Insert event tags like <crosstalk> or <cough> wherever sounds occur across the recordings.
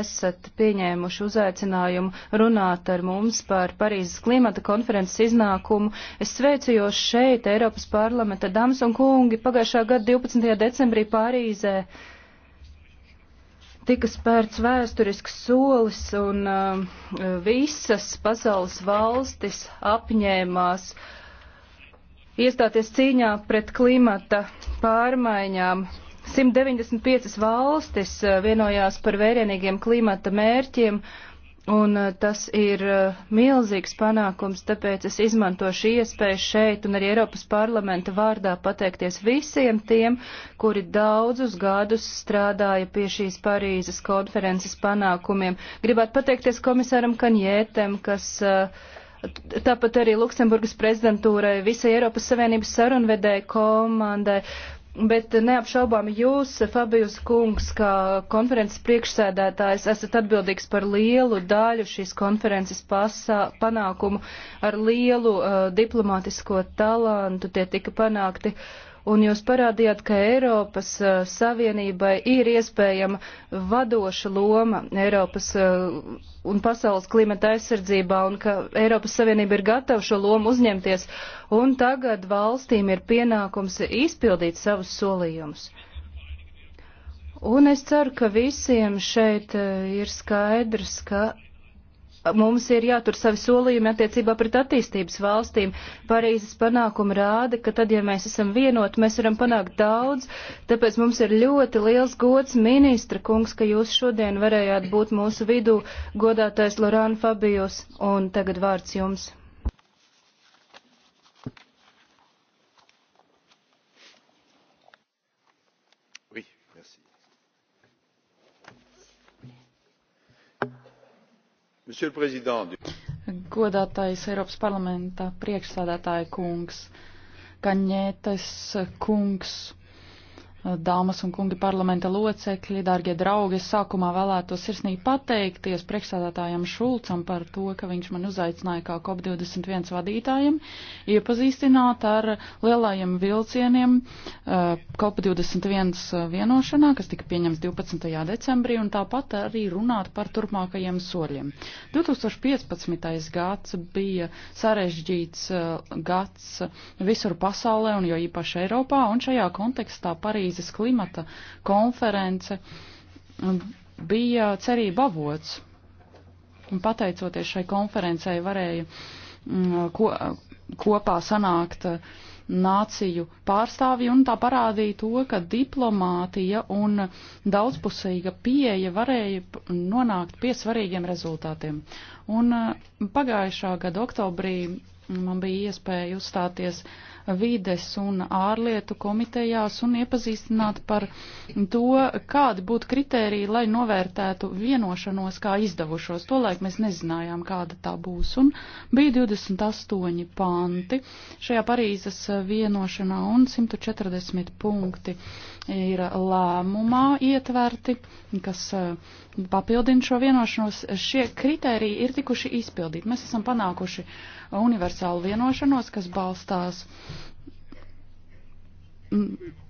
esat pieņēmuši uzaicinājumu runāt ar mums par Parīzes klimata konferences iznākumu. Es sveicu jūs šeit, Eiropas parlamenta dāmas un kungi, pagājušā gada 12. decembrī Parīzē. Tika spērts vēsturisks solis un uh, visas pasaules valstis apņēmās iestāties cīņā pret klimata pārmaiņām. 195 valstis eh, vienojās par vērienīgiem klimata mērķiem, un eh, tas ir eh, milzīgs panākums, tāpēc es izmantošu iespēju šeit un arī Eiropas parlamenta vārdā pateikties visiem tiem, kuri daudzus gadus strādāja pie šīs Parīzes konferences panākumiem. Gribētu pateikties komisāram Kanjētem, kas uh, Tāpat arī Luksemburgas prezidentūrai, visai Eiropas Savienības sarunvedēju komandai, Bet neapšaubām jūs, Fabijus kungs, kā konferences priekšsēdētājs, esat atbildīgs par lielu daļu šīs konferences pasā, panākumu ar lielu uh, diplomātisko talantu. Tie tika panākti uh, un jūs parādījāt, ka Eiropas uh, Savienībai ir iespējama vadoša loma Eiropas uh, un pasaules klimata aizsardzībā, un ka Eiropas Savienība ir gatava šo lomu uzņemties, un tagad valstīm ir pienākums izpildīt savus solījumus. Un es ceru, ka visiem šeit eh, ir skaidrs, ka mums ir jātur savi solījumi attiecībā pret attīstības valstīm. Parīzes panākumi rāda, ka tad, ja mēs esam vienoti, mēs varam panākt daudz, tāpēc mums ir ļoti liels gods, ministra kungs, ka jūs šodien varējāt būt mūsu vidū, godātais Lorāna Fabijus, un tagad vārds jums. Godātais Eiropas parlamenta priekšsādātāja kungs, Kaņētes kungs Dāmas un kungi parlamenta locekļi, dārgie draugi, es sākumā vēlētos sirsnīgi pateikties priekšsādātājam Šulcam par to, ka viņš man uzaicināja kā COP21 vadītājiem iepazīstināt ar lielajiem vilcieniem uh, COP21 vienošanā, kas tika pieņems 12. decembrī, un tāpat arī runāt par turpmākajiem soļiem. 2015. gads bija sarežģīts uh, gads visur pasaulē, un jo īpaši Eiropā, un šajā kontekstā Parīzē Parīzes klimata konference um, bija cerība avots. Un pateicoties šai konferencei varēja mm, ko, kopā sanākt uh, nāciju pārstāvji un tā parādīja to, ka diplomātija un daudzpusīga pieeja varēja nonākt pie svarīgiem rezultātiem. Un uh, pagājušā gada oktobrī man bija iespēja uzstāties vides un ārlietu komitejās un iepazīstināt par to, kādi būtu kritēriji, lai novērtētu vienošanos kā izdevušos. Tolaik mēs nezinājām, kāda tā būs. Un bija 28 panti šajā Parīzes vienošanā un 140 punkti ir lēmumā ietverti, kas uh, papildina šo vienošanos. Šie kriteriji ir tikuši izpildīti. Mēs esam panākuši universālu vienošanos, kas balstās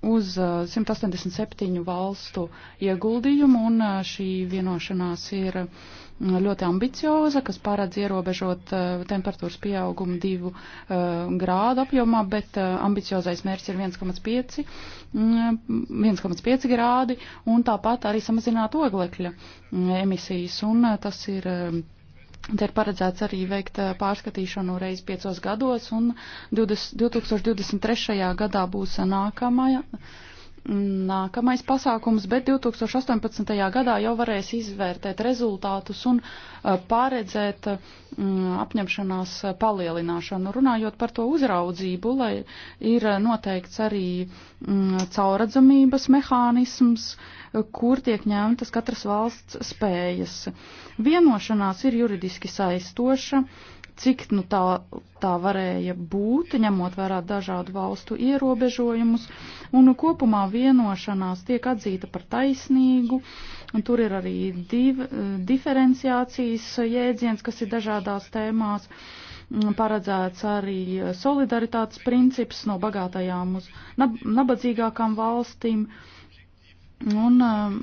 uz 187 valstu ieguldījumu, un šī vienošanās ir ļoti ambicioza, kas paredz ierobežot temperatūras pieaugumu divu grādu apjomā, bet ambiciozais mērķis ir 1,5, 1,5 grādi, un tāpat arī samazināt oglekļa emisijas, un tas ir Te ir paredzēts arī veikt pārskatīšanu reiz piecos gados, un 20, 2023. gadā būs nākamā nākamais pasākums, bet 2018. gadā jau varēs izvērtēt rezultātus un pārredzēt apņemšanās palielināšanu. Runājot par to uzraudzību, lai ir noteikts arī cauradzamības mehānisms, kur tiek ņemtas katras valsts spējas. Vienošanās ir juridiski saistoša cik nu, tā, tā varēja būt, ņemot vērā dažādu valstu ierobežojumus, un nu, kopumā vienošanās tiek atzīta par taisnīgu, un tur ir arī div, diferenciācijas jēdziens, kas ir dažādās tēmās, paredzēts arī solidaritātes princips no bagātajām uz nab nabadzīgākām valstīm. Un um,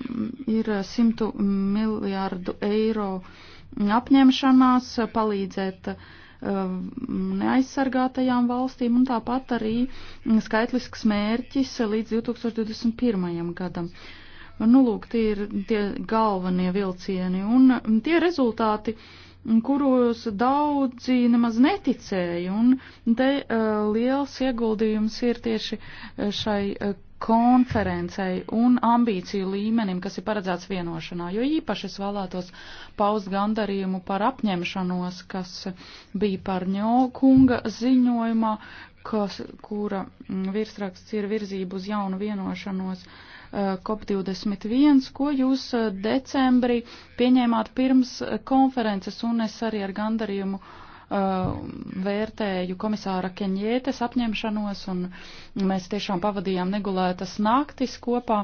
ir 100 miljārdu eiro uh, apņemšanās palīdzēt eh, neaizsargātajām valstīm un tāpat arī skaitlisks mērķis līdz 2021. gadam. Nu, lūk, tie ir tie galvenie vilcieni un tie rezultāti, kuros daudzi nemaz neticēja, un te uh, liels ieguldījums ir tieši eh, šai uh, konferencei un ambīciju līmenim, kas ir paredzēts vienošanā, jo īpaši es vēlētos paust gandarījumu par apņemšanos, kas bija par ņokunga ziņojumā, kas, kura mm, virsraksts ir virzību uz jaunu vienošanos. Eh, COP21, ko jūs eh, decembrī pieņēmāt pirms eh, konferences, un es arī ar gandarījumu uh, Uh, vērtēju komisāra Keņietes apņemšanos, un mēs tiešām pavadījām negulētas naktis kopā,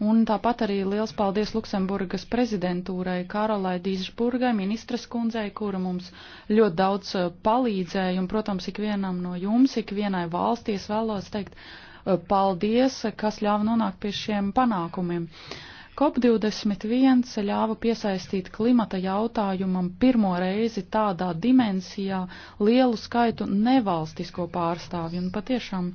un tāpat arī liels paldies Luksemburgas prezidentūrai Karolai Dīzburgai, ministras kundzei, kura mums ļoti daudz uh, palīdzēja, un, protams, ikvienam no jums, ikvienai valsties vēlos teikt uh, paldies, kas ļāva nonākt pie šiem panākumiem. Uh, COP21 ļāva piesaistīt klimata jautājumam pirmo reizi tādā dimensijā lielu skaitu nevalstisko pārstāvju un patiešām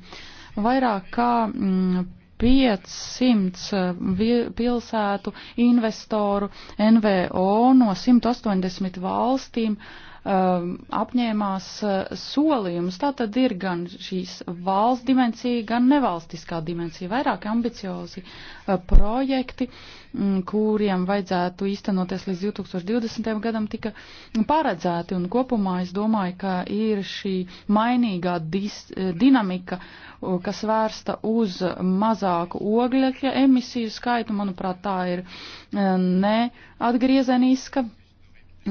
vairāk kā mm, 500 mm, pilsētu, investoru, NVO no 180 valstīm uh, um, apņēmās uh, solījumus. Tā tad ir gan šīs valsts dimensija, gan nevalstiskā dimensija, vairāk ambiciozi uh, projekti, um, kuriem vajadzētu īstenoties līdz 2020. gadam, tika paredzēti. Un kopumā es domāju, ka ir šī mainīgā dis, uh, dinamika, uh, kas vērsta uz mazāku ogļa emisiju skaitu. Manuprāt, tā ir uh, neatgriezeniska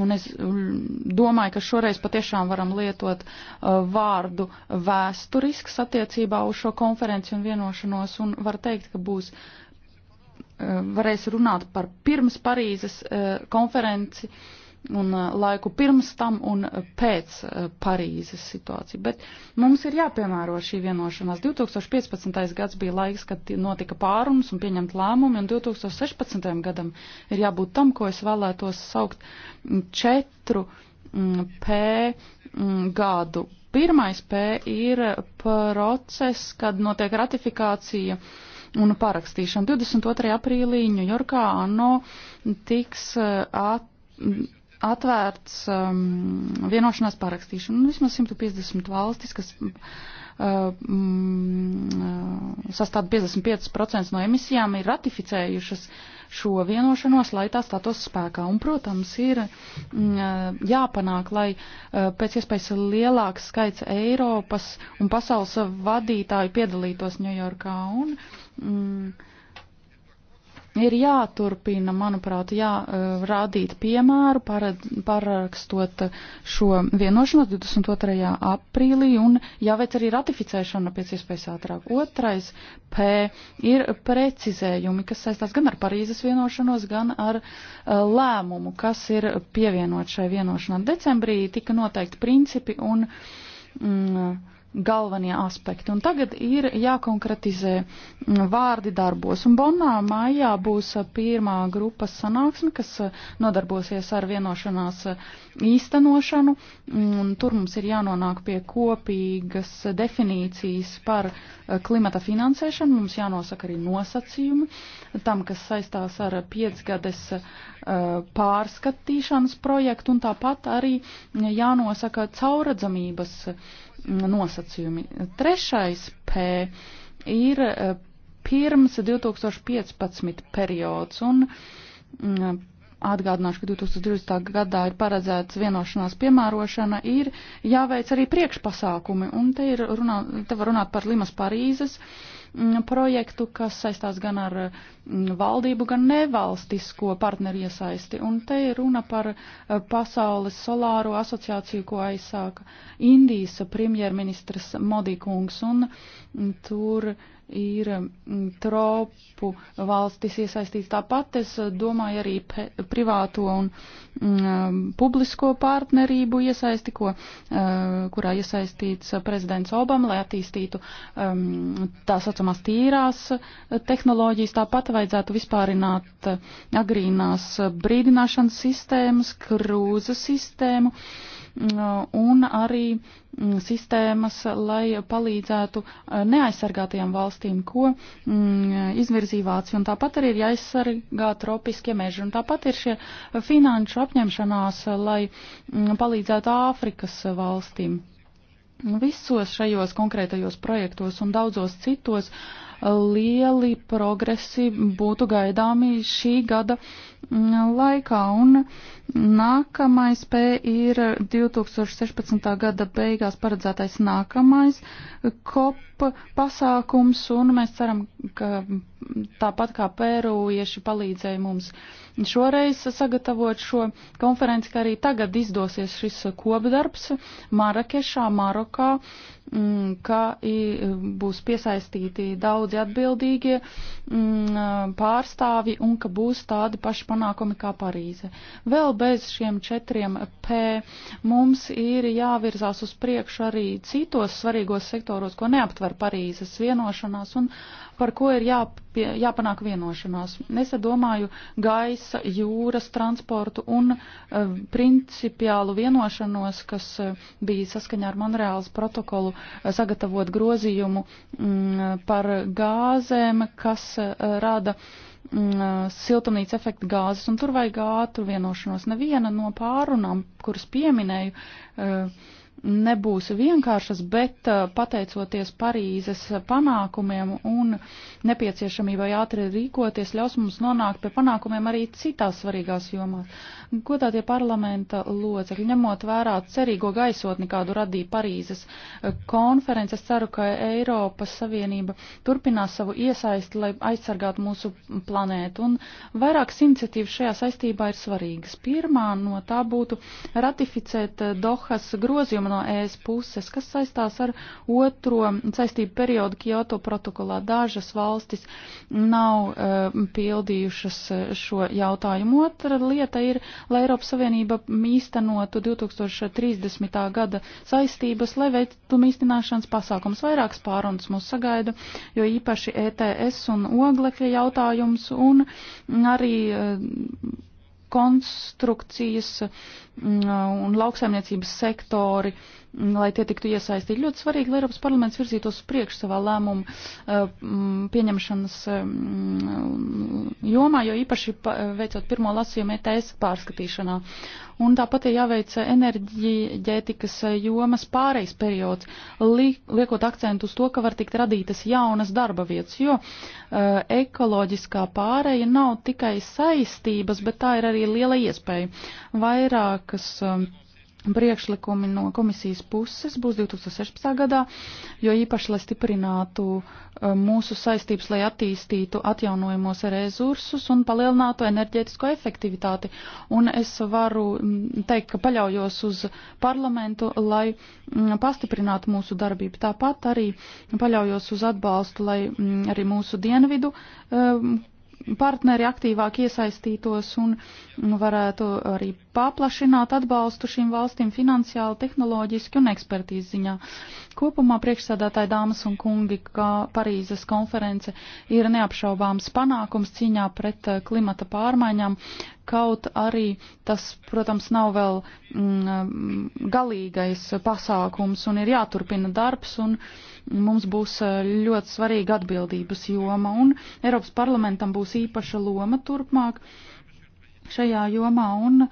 Un es mm, domāju, ka šoreiz patiešām varam lietot uh, vārdu vēsturisks attiecībā uz šo konferenci un vienošanos, un var teikt, ka būs, uh, varēs runāt par pirms Parīzes uh, konferenci uh, un uh, laiku pirms tam un pēc uh, Parīzes situāciju. Bet mums ir jāpiemēro šī vienošanās. 2015. gads bija laiks, kad notika pārums un pieņemt lēmumi, un 2016. gadam ir jābūt tam, ko es vēlētos saukt mm, četru mm, P mm, gadu. Pirmais P ir process, kad notiek ratifikācija un parakstīšana. 22. aprīlī Ņujorkā ANO tiks uh, at atvērts um, vienošanās pārakstīšana. Nu, vismaz 150 valstis, kas um, sastāv 55% no emisijām, ir ratificējušas šo vienošanos, lai tā stātos spēkā. Un, protams, ir um, jāpanāk, lai uh, pēc iespējas lielāks skaits Eiropas un pasaules vadītāju piedalītos Ņujorkā. Un, um, Ir jāturpina, manuprāt, jā, eh, rādīt piemēru, parakstot šo vienošanos 22. aprīlī un jāveic arī ratificēšana pēc iespējas ātrāk. Otrais P ir precizējumi, kas saistās gan ar Parīzes vienošanos, gan ar eh, lēmumu, kas ir pievienot šai vienošanā. Decembrī tika noteikti principi un. Mm, galvenie aspekti. Un tagad ir jākonkretizē mm, vārdi darbos. Un Bonnā mājā būs pirmā grupas sanāksme, kas nodarbosies ar vienošanās īstenošanu. Un tur mums ir jānonāk pie kopīgas definīcijas par klimata finansēšanu. Mums jānosaka arī nosacījumi tam, kas saistās ar piecgades pārskatīšanas projektu. Un tāpat arī jānosaka cauradzamības nosacījumi. Trešais P ir e, pirms 2015 periods un atgādināšu, ka 2020. gadā ir paredzēts vienošanās piemērošana, ir jāveic arī priekšpasākumi, un te, ir runā, te var runāt par Limas Parīzes uh, Mm, projektu, kas saistās gan ar mm, valdību, gan nevalstisko partneru iesaisti. Un te ir runa par eh, Pasaules solāro asociāciju, ko aizsāka Indijas premjerministrs Modikungs. Un mm, tur ir mm, tropu valstis iesaistīts tāpat. Es eh, domāju arī privāto un mm, publisko partnerību iesaisti, ko, eh, kurā iesaistīts prezidents Obama, lai attīstītu um, tā saucamās tīrās eh, tehnoloģijas. Tāpat vajadzētu vispārināt agrīnās brīdināšanas sistēmas, krūza sistēmu mm, un arī uh, Mm, sistēmas, lai palīdzētu eh, neaizsargātajām valstīm, ko mm, izvirzīja Vācija. Un tāpat arī ir jāaizsargā tropiskie meži. Un tāpat ir šie finanšu apņemšanās, lai mm, palīdzētu Āfrikas valstīm. Visos šajos konkrētajos projektos un daudzos citos eh, lieli progresi būtu gaidāmi šī gada uh, laikā, un nākamais P ir 2016. gada beigās paredzētais nākamais COP pasākums, un mēs ceram, ka tāpat kā pērūieši palīdzēja mums šoreiz sagatavot šo konferenci, ka arī tagad izdosies šis kopdarbs Marakešā, Marokā Mm, ka mm, būs piesaistīti daudzi atbildīgie mm, pārstāvi un ka būs tādi paši panākumi kā Parīze. Vēl bez šiem četriem P mums ir jāvirzās uz priekšu arī citos svarīgos sektoros, ko neaptver Parīzes vienošanās un uh, par ko ir jāpie, jāpanāk vienošanās. Es domāju gaisa, jūras, transportu un uh, principiālu vienošanos, kas uh, bija saskaņā ar Monreāls protokolu uh, sagatavot grozījumu mm, par gāzēm, kas uh, rada mm, siltumnīca efekta gāzes, un tur vajag ātru vienošanos. Neviena no pārunām, kuras pieminēju, uh, nebūs vienkāršas, bet uh, pateicoties Parīzes panākumiem un nepieciešamībai ātri rīkoties, ļaus mums nonākt pie panākumiem arī citās svarīgās jomās. Godātie parlamenta locekļi, ņemot vērā cerīgo gaisotni, kādu radīja Parīzes uh, konference, es ceru, ka Eiropas Savienība turpinās savu iesaisti, lai aizsargātu mūsu planētu. Un vairākas iniciatīvas šajā saistībā ir svarīgas. Pirmā no tā būtu ratificēt uh, Dohas grozījumu no ES puses, kas saistās ar otro saistību periodu Kyoto protokolā. Dažas valstis nav uh, pildījušas eh, šo jautājumu. Otra lieta ir, lai Eiropas Savienība īstenotu 2030. gada saistības, lai veiktu mīstināšanas pasākums. Vairākas pārunas mūs sagaida, jo īpaši ETS un oglekļa jautājums un arī uh, konstrukcijas mm, un lauksaimniecības sektori uh, lai tie tiktu iesaistīti. Ļoti svarīgi, lai Eiropas parlaments virzītos uz priekšu savā lēmumu eh, pieņemšanas eh, jomā, jo īpaši eh, veicot pirmo lasījumu ETS pārskatīšanā. Un tāpat ir jāveic enerģētikas jomas pārejas periods, liekot akcentu uz to, ka var tikt radītas jaunas darba vietas, jo ekoloģiskā pāreja nav tikai saistības, bet tā ir arī liela iespēja. Vairākas priekšlikumi no komisijas puses būs 2016. gadā, jo īpaši, lai stiprinātu e, mūsu saistības, lai attīstītu atjaunojamos resursus un palielinātu enerģētisko efektivitāti. Un es varu teikt, ka paļaujos uz parlamentu, lai pastiprinātu mūsu darbību. Tāpat arī paļaujos uz atbalstu, lai arī mūsu dienvidu e, partneri aktīvāk iesaistītos un varētu arī paplašināt atbalstu šīm valstīm finansiāli, tehnoloģiski un ekspertīzi ziņā. Kopumā priekšsādātāji dāmas un kungi, kā Parīzes konference ir neapšaubāms panākums cīņā pret eh, klimata pārmaiņām, kaut arī tas, protams, nav vēl mm, galīgais pasākums un ir jāturpina darbs un mums būs eh, ļoti svarīga atbildības joma un Eiropas parlamentam būs īpaša loma turpmāk. Uh, šajā jomā. Un e,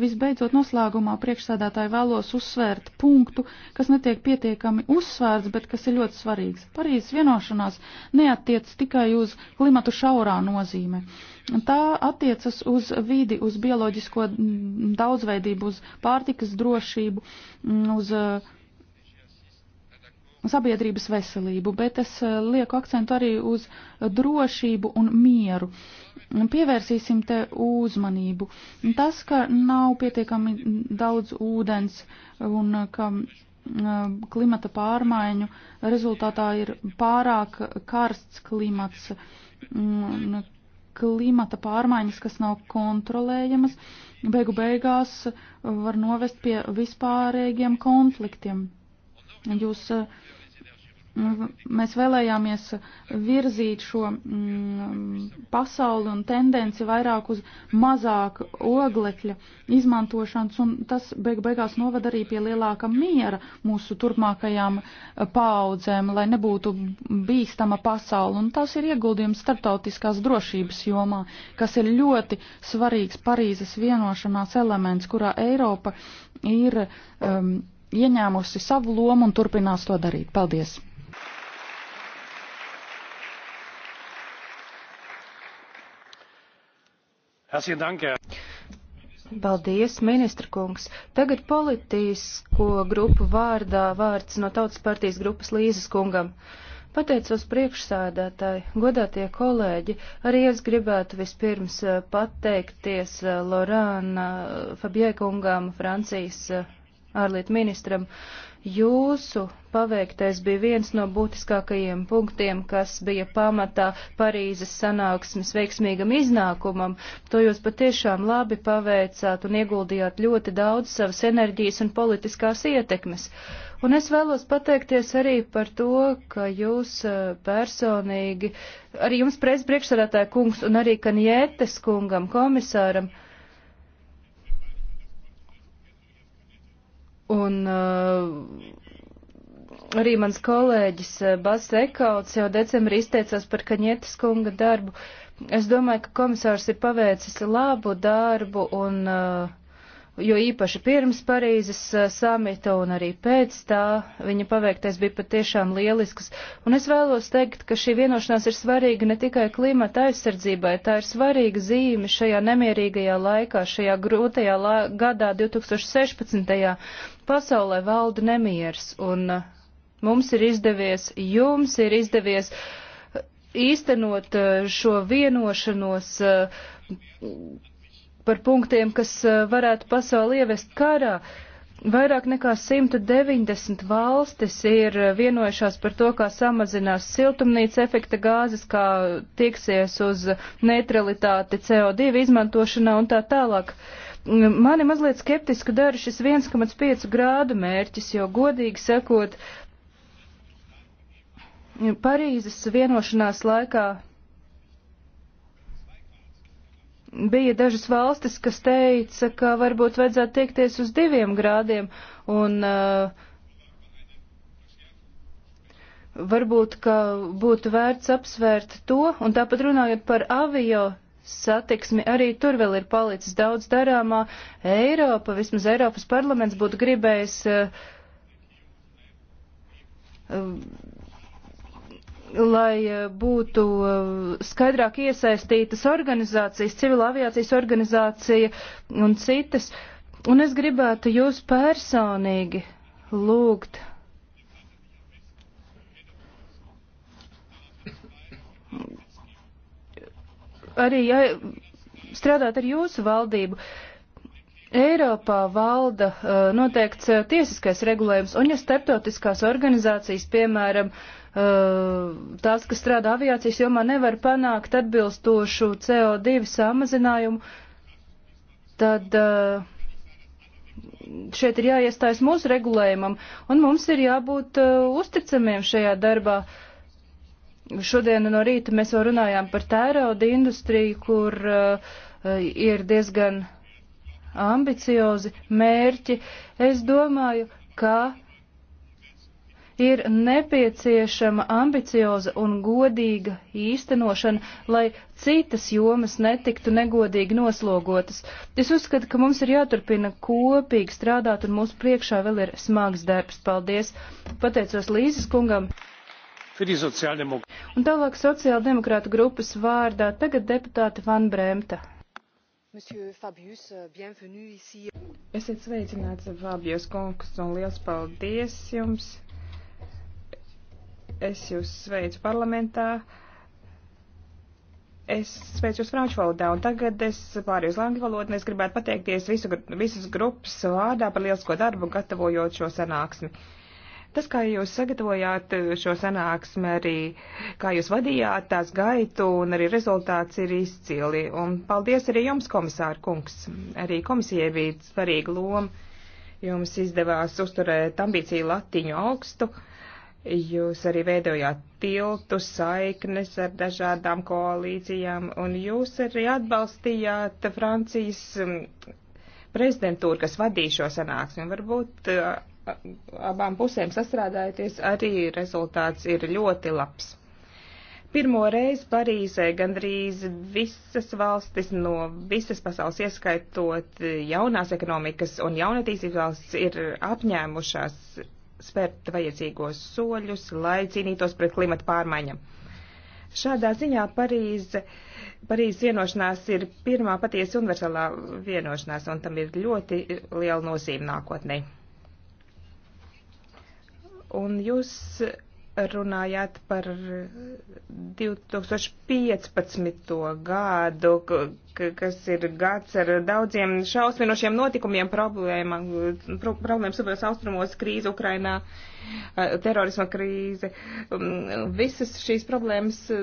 visbeidzot noslēgumā priekšsēdētāji vēlos uzsvērt punktu, kas netiek pietiekami uzsvērts, bet kas ir ļoti svarīgs. Parīzes vienošanās neatiec tikai uz klimatu šaurā nozīme. Tā attiecas uz vidi, uz bioloģisko daudzveidību, uz pārtikas drošību, uz uh, sabiedrības veselību, bet es eh, lieku akcentu arī uz drošību un mieru. Pievērsīsim te uzmanību. Tas, ka nav pietiekami daudz ūdens un eh, ka eh, klimata pārmaiņu rezultātā ir pārāk karsts klimats, klimata pārmaiņas, kas nav kontrolējamas, beigu beigās var novest pie vispārējiem konfliktiem. Jūs, eh, mēs vēlējāmies virzīt šo mm, pasauli un tendenci vairāk uz mazāk oglekļa izmantošanas, un tas beig beigās novad arī pie lielāka miera mūsu turpmākajām paaudzēm, lai nebūtu bīstama pasauli. Un tas ir ieguldījums starptautiskās drošības jomā, kas ir ļoti svarīgs Parīzes vienošanās elements, kurā Eiropa ir. Um, ieņēmusi savu lomu un turpinās to darīt. Paldies! Paldies, ministra kungs. Tagad politisko grupu vārdā vārds no Tautas partijas grupas Līzes kungam. Pateicos priekšsēdētāji, godātie kolēģi, arī es gribētu vispirms eh, pateikties eh, Lorāna Fabie kungam, Francijas eh, ārlietu ministram. Jūsu paveiktais bija viens no būtiskākajiem punktiem, kas bija pamatā Parīzes sanāksmes veiksmīgam iznākumam. To jūs patiešām labi paveicāt un ieguldījāt ļoti daudz savas enerģijas un politiskās ietekmes. Un es vēlos pateikties arī par to, ka jūs eh, personīgi, arī jums prezpriekšsarātāja kungs un arī Kanjētes kungam, komisāram, Un uh, arī mans kolēģis uh, Bas Ekauts jau decembrī izteicās par Kaņietas kunga darbu. Es domāju, ka komisārs ir paveicis labu darbu un uh, jo īpaši pirms Parīzes uh, samita un arī pēc tā viņa paveiktais bija patiešām lielisks. Un es vēlos teikt, ka šī vienošanās ir svarīga ne tikai klimata aizsardzībai, tā ir svarīga zīme šajā nemierīgajā laikā, šajā grūtajā la gadā 2016. pasaulē valda nemiers, un uh, mums ir izdevies, jums ir izdevies uh, īstenot šo vienošanos par punktiem, kas eh, varētu pasauli ievest karā. Vairāk nekā 190 valstis ir eh, vienojušās par to, kā samazinās siltumnīca efekta gāzes, kā tieksies uz neutralitāti CO2 izmantošanā un tā tālāk. Mm, mani mazliet skeptiski dara šis 1,5 grādu mērķis, jo godīgi sakot, Parīzes vienošanās laikā bija dažas valstis, kas teica, ka varbūt vajadzētu tiekties uz diviem grādiem, un uh, varbūt, ka būtu vērts apsvērt to, un tāpat runājot par avio satiksmi, arī tur vēl ir palicis daudz darāmā. Eiropa, vismaz Eiropas parlaments būtu gribējis. Uh, uh, lai eh, būtu eh, skaidrāk iesaistītas organizācijas, civila aviācijas organizācija un citas. Un es gribētu jūs personīgi lūgt. Arī ja, strādāt ar jūsu valdību. Uh, Eiropā valda uh, noteikts uh, tiesiskais regulējums, un ja starptautiskās organizācijas, piemēram, uh, tās, kas strādā aviācijas jomā, nevar panākt atbilstošu CO2 samazinājumu, tad šeit ir jāiestājas mūsu regulējumam, un mums ir jābūt uzticamiem šajā darbā. Šodien no rīta mēs jau runājām par tērauda industriju, kur ir diezgan ambiciozi mērķi. Es domāju, ka ir nepieciešama ambicioza un godīga īstenošana, lai citas jomas netiktu negodīgi noslogotas. Es uzskatu, ka mums ir jāturpina kopīgi strādāt, un mūsu priekšā vēl ir smags darbs. Paldies! Pateicos Līzes kungam! Un tālāk sociāldemokrāta grupas vārdā tagad deputāte Van Bremta. Monsieur Fabius, euh, bienvenue ici. Esiet sveicināts, Fabijos kungs, un liels paldies jums. Es jūs sveicu parlamentā. Es sveicu jūs franču valodā, un tagad es pārēju uz angļu valodu, un es gribētu pateikties visu, visas grupas vārdā par lielisko darbu, gatavojot šo sanāksmi. Uh, Tas, kā jūs sagatavojāt eh, šo sanāksmi, arī kā jūs vadījāt tās gaitu un arī rezultāts ir izcili. Un paldies arī jums, komisāra kungs. Arī komisijai bija svarīga loma. Jums izdevās uzturēt ambīciju latiņu augstu. Jūs arī veidojāt tiltu saiknes ar dažādām koalīcijām, un jūs arī atbalstījāt Francijas mm, prezidentūru, kas vadīja šo sanāksmi. Varbūt eh, abām pusēm sastrādājoties, arī rezultāts ir ļoti labs. Pirmo reizi Parīzē gandrīz visas valstis no visas pasaules, ieskaitot jaunās ekonomikas un jaunatīstības valsts, ir apņēmušās spērt vajadzīgos soļus, lai cīnītos pret klimata pārmaiņam. Šādā ziņā Parīze, Parīzes vienošanās ir pirmā patiesi universālā vienošanās, un tam ir ļoti liela nozīme nākotnē. Un jūs runājāt par 2015. gadu, kas ir gads ar daudziem šausminošiem notikumiem, problēmām, pro, problēmas tuvējos austrumos, krīze Ukrainā, terorisma krīze. Um, visas šīs problēmas e,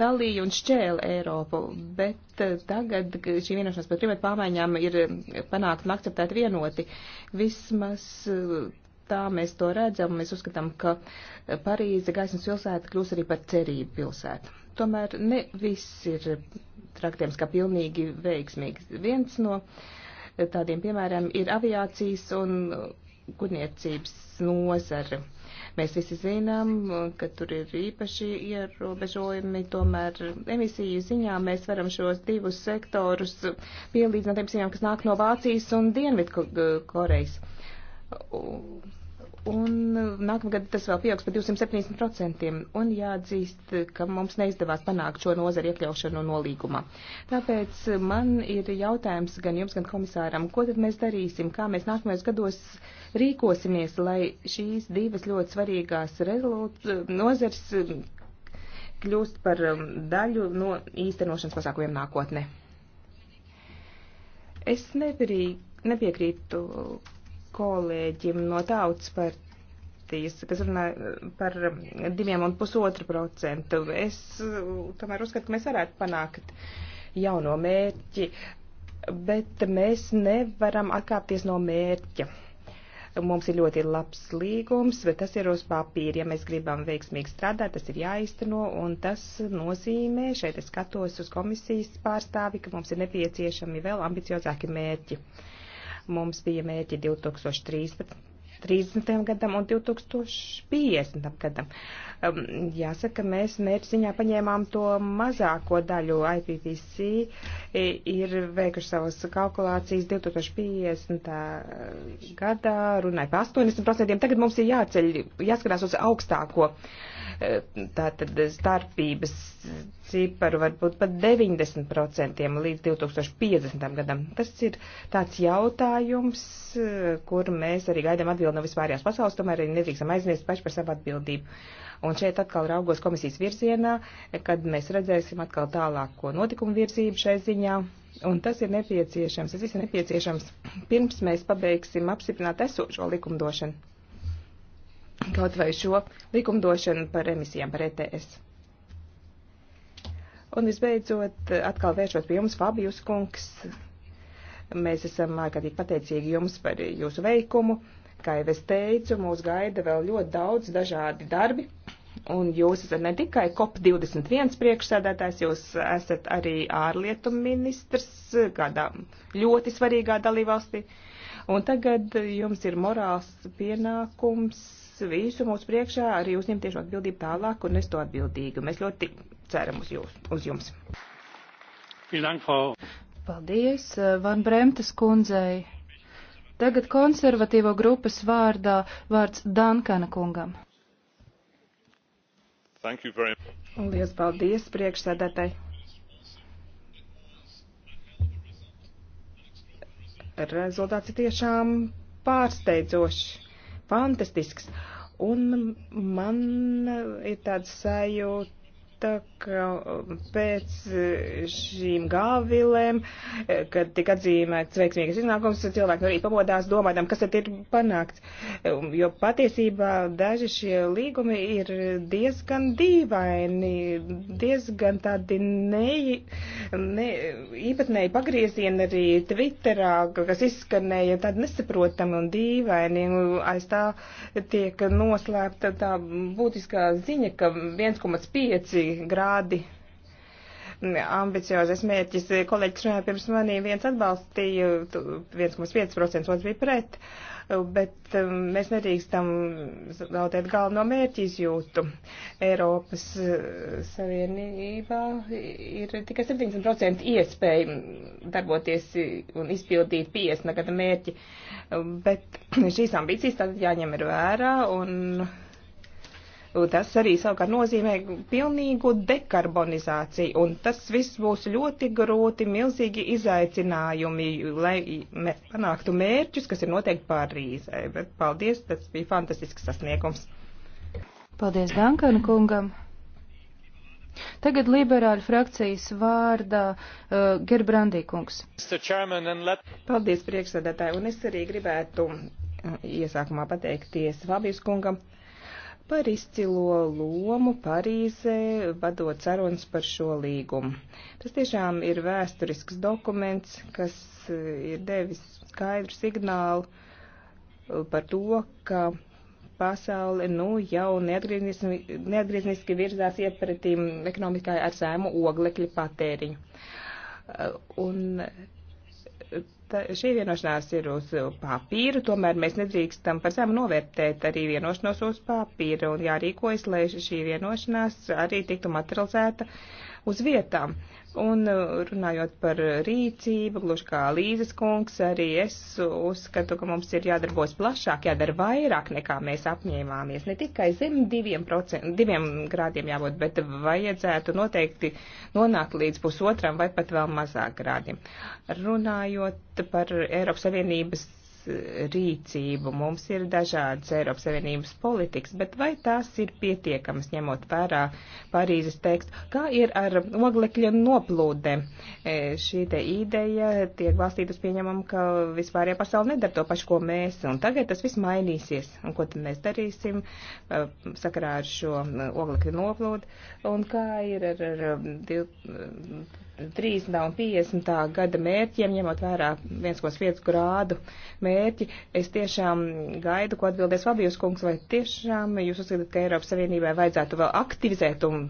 dalīja un šķēla Eiropu, bet e, tagad šī vienošanās par klimatu pārmaiņām ir panākt un akceptēt vienoti. Vismaz e, tā mēs to redzam, mēs uzskatām, ka Parīze gaismas pilsēta kļūs arī par cerību pilsētu. Tomēr ne viss ir traktējums kā pilnīgi veiksmīgs. Viens no tādiem piemēram ir aviācijas un kuģniecības nozara. Mēs visi zinām, ka tur ir īpaši ierobežojumi, tomēr emisiju ziņā mēs varam šos divus sektorus pielīdzināt tiem ziņām, kas nāk no Vācijas un Dienvidkorejas. Ko Un nākamgad tas vēl pieaugs par 270%, un jāatzīst, ka mums neizdevās panākt šo nozari iekļaušanu nolīgumā. Tāpēc man ir jautājums gan jums, gan komisāram, ko tad mēs darīsim, kā mēs nākamajos gados rīkosimies, lai šīs divas ļoti svarīgās nozars kļūst par um, daļu no īstenošanas pasākumiem nākotnē. Es nepiekrītu kolēģim no tautas partijas, kas runā par diviem un pusotru procentu. Es uh, tomēr uzskatu, ka mēs varētu panākt jauno mērķi, bet mēs nevaram atkāpties no mērķa. Mums ir ļoti labs līgums, bet tas ir uz papīra. Ja mēs gribam veiksmīgi strādāt, tas ir jāizteno, un tas nozīmē, šeit es skatos uz komisijas pārstāvi, ka mums ir nepieciešami vēl ambiciozāki mērķi. Uh, Mums bija mērķi 2013. 30. gadam un 2050. gadam. Um, jāsaka, mēs mērķiņā paņēmām to mazāko daļu. IPPC e, ir veikuši savas kalkulācijas 2050. gadā, runāja par 80%. Tagad mums ir jāceļ, jāskatās uz augstāko. Uh, Eh, tātad starpības ciparu var būt pat 90% līdz 2050. gadam. Tas ir tāds jautājums, eh, kur mēs arī gaidām atbildi no vispārējās pasaules, tomēr arī nedrīkstam aizmirst paši par savu atbildību. Un šeit atkal raugos komisijas virzienā, kad mēs redzēsim atkal tālāko notikumu virzību šai ziņā. Un tas ir nepieciešams, tas viss ir nepieciešams, pirms mēs pabeigsim apstiprināt esošo likumdošanu kaut vai šo likumdošanu par emisijām, par ETS. Un visbeidzot, atkal vēršot pie jums, Fabijus kungs, mēs esam ārkārtīgi pateicīgi jums par jūsu veikumu. Kā jau es teicu, mūs gaida vēl ļoti daudz dažādi darbi, un jūs esat ne tikai COP21 priekšsēdētājs, jūs esat arī ārlietu ministrs kādā ļoti svarīgā dalībvalstī. Un tagad jums ir morāls pienākums visu mūsu priekšā, arī uzņemties atbildību tālāk un es to atbildīgu. Mēs ļoti ceram uz, jūs, uz jums. Paldies, eh, Van Bremtes kundzei. Tagad konservatīvo grupas vārdā vārds Dankana kungam. Lielas paldies priekšsēdētāji. Rezultāts ir tiešām pārsteidzošs, fantastisks un man ir tāda sajūta uzskata, ka um, pēc eh, šīm gāvilēm, eh, kad tika atzīmēts veiksmīgs iznākums, cilvēki arī pamodās domādam, kas tad ir panākts. Um, jo patiesībā daži šie līgumi ir diezgan dīvaini, diezgan tādi ne, ne, īpatnēji pagriezieni arī Twitterā, kas izskanēja tādi nesaprotami un dīvaini. Aiz tā tiek noslēpta tā būtiskā ziņa, ka 1,5 grādi ambiciozes mērķis. Kolēģis runāja pirms manī, viens atbalstīja, 1,5%, otrs bija pret, bet um, mēs nedrīkstam zaudēt galveno mērķi izjūtu. Eiropas uh, Savienībā ir tikai 70% iespēja darboties un izpildīt 50 gada mērķi, bet šīs ambīcijas tad jāņem ir vērā un Tas arī savukārt nozīmē pilnīgu dekarbonizāciju, un tas viss būs ļoti grūti, milzīgi izaicinājumi, lai mēs panāktu mērķus, kas ir noteikti Parīzē. Bet paldies, tas bija fantastisks sasniegums. Paldies Dankana kungam. Tagad liberāļu frakcijas vārdā uh, Gerbrandī kungs. Paldies priekšsēdētāji, un es arī gribētu uh, iesākumā pateikties Fabijas kungam. Uh, par izcilo lomu Parīzē, vadot sarunas par šo līgumu. Tas tiešām ir vēsturisks dokuments, kas e, ir devis skaidru signālu e, par to, ka pasaule nu, jau neatgriezniski virzās iepratīm ekonomikai ar zēmu oglekļa patēriņu. E, un tā, šī vienošanās ir uz papīra, tomēr mēs nedrīkstam par zemu novērtēt arī vienošanos uz papīra un jārīkojas, lai šī vienošanās arī tiktu materializēta uh, uz vietām. Un uh, runājot par rīcību, gluži kā Līzes kungs, arī es uzskatu, ka mums ir jādarbojas plašāk, jādara vairāk nekā mēs apņēmāmies. Ne tikai zem diviem, procent, diviem grādiem jābūt, bet vajadzētu noteikti nonākt līdz pusotram vai pat vēl mazāk grādiem. Runājot par Eiropas Savienības rīcību. Mums ir dažādas Eiropas Savienības politikas, bet vai tās ir pietiekamas, ņemot vērā Parīzes tekstu? Kā ir ar oglekļa noplūdēm? E, šī te ideja tiek balstīta uz pieņemumu, ka vispārējā pasaule nedara to pašu, ko mēs, un tagad tas viss mainīsies. Un ko tad mēs darīsim e, sakarā ar šo oglekļa noplūdu? Un kā ir ar, ar 30. un 50. gada mērķiem, ņemot vērā 1,5 grādu mērķi, es tiešām gaidu, ko atbildēs Fabijus kungs, vai tiešām jūs uzskatāt, ka Eiropas Savienībai vajadzētu vēl aktivizēt un